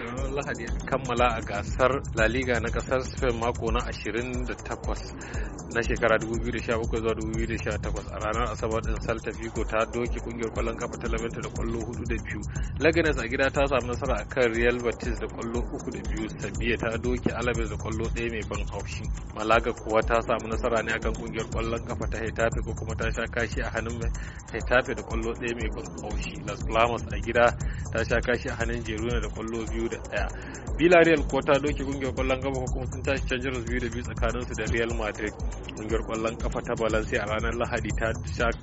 ranar lahadi kammala a gasar la liga na kasar spain mako na 28 na shekara 2017 zuwa 2018 a ranar asabar din salta figo ta doke kungiyar kwallon kafa ta lamenta da kwallo hudu da biyu laganes a gida ta samu nasara akan real batis da kwallo uku da biyu sabiya ta doke alabes da kwallo ɗaya mai ban haushi malaga kuwa ta samu nasara ne akan kungiyar kwallon kafa ta haitafe ko kuma ta sha kashi a hannun haitafe da kwallo ɗaya mai ban haushi las palmas a gida ta sha kashi a hannun jeruna da kwallo biyu da ɗaya villarreal kuwa ta doke kungiyar kwallon kafa ko kuma sun tashi canjin biyu da biyu tsakaninsu da real madrid kungiyar kwallon kafa ta balance a ranar lahadi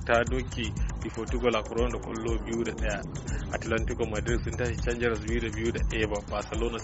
ta doki di portugal a da kwallo biyu da daya atlantico madrid sun tashi canjaras biyu da biyu da daya barcelona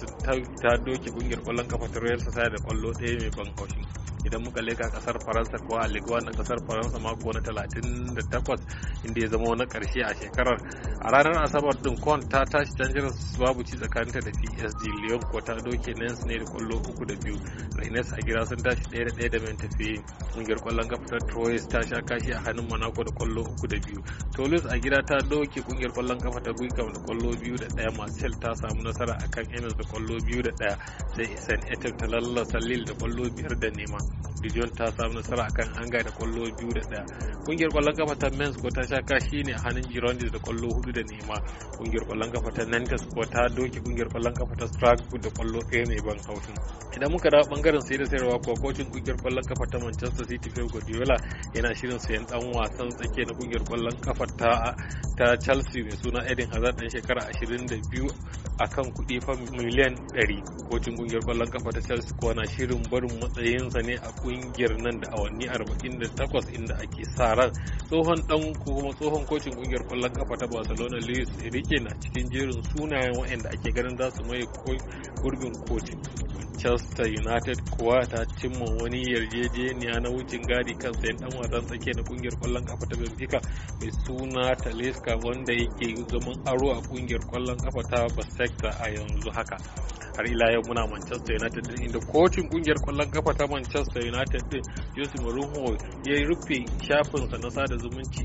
ta doki kungiyar kwallon kafa ta real society da kwallo daya mai ban haushi idan muka leka kasar faransa kuwa a ligue na kasar faransa mako na 38 inda ya zama na karshe a shekarar a ranar asabar din kon ta tashi canjin babu ci tsakaninta da psd lyon ko ta doke nens ne da kwallo uku da biyu rainers a gida sun tashi daya da ɗaya da tafi ƙungiyar kwallon kafa ta troyes ta sha kashi a hannun monaco da kwallo uku da biyu toulouse a gida ta doke ƙungiyar kwallon kafa ta guikam da kwallo biyu da ɗaya marcel ta samu nasara akan kan da kwallo biyu da ɗaya sai isan etel ta lallata lille da kwallo biyar da nema dijon ta samu nasara akan hanga da kwallo biyu da daya kungiyar kwallon kafa ta mens ko ta sha kashi ne a hannun girondis da kwallo hudu da nema kungiyar kwallon kafa ta nantes ko ta doke kungiyar kwallon kafa ta strasbourg da kwallo ɗaya mai ban hautun idan muka dawo bangaren sai da sayarwa ko kocin kungiyar kwallon kafa ta manchester city pep guardiola yana shirin sayan dan wasan tsake na kungiyar kwallon kafa ta ta chelsea mai suna Eden hazard dan shekara 22 akan kuɗi fa miliyan 100 kocin kungiyar kwallon kafa ta chelsea ko na shirin barin matsayinsa ne a kungiyar nan da awanni 48 inda ake sa ran tsohon dan kuma tsohon kocin kungiyar kwallon kafa ta Barcelona Luis Enrique na cikin jerin sunayen waɗanda ake ganin za su mai gurbin kocin. Manchester United kuwa ta cimma wani yarjejeniya na wucin gadi kan sayan dan wasan tsake na kungiyar kwallon kafa ta Benfica mai suna Talisca wanda yake zaman aro a kungiyar kwallon kafa ta Basecta a yanzu haka. har ila yau muna Manchester United din inda kocin kungiyar kwallon kafa ta Manchester United din jose mourinho ya rufe shafinsa na sada zumunci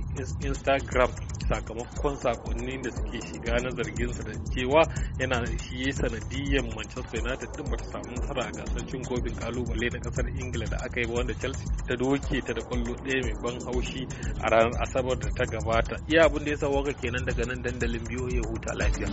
instagram sakamakon sakonnin da suke shiga na zarginsa da cewa yana shi ya sanadiyyar manchester united din bata samu nasara a gasar cin kofin kalubale na kasar ingila da aka yi ba wanda chelsea ta doke ta da kwallo ɗaya mai ban haushi a ranar asabar da ta gabata iya abin da ya sawaka kenan daga nan dandalin biyo ya huta lafiya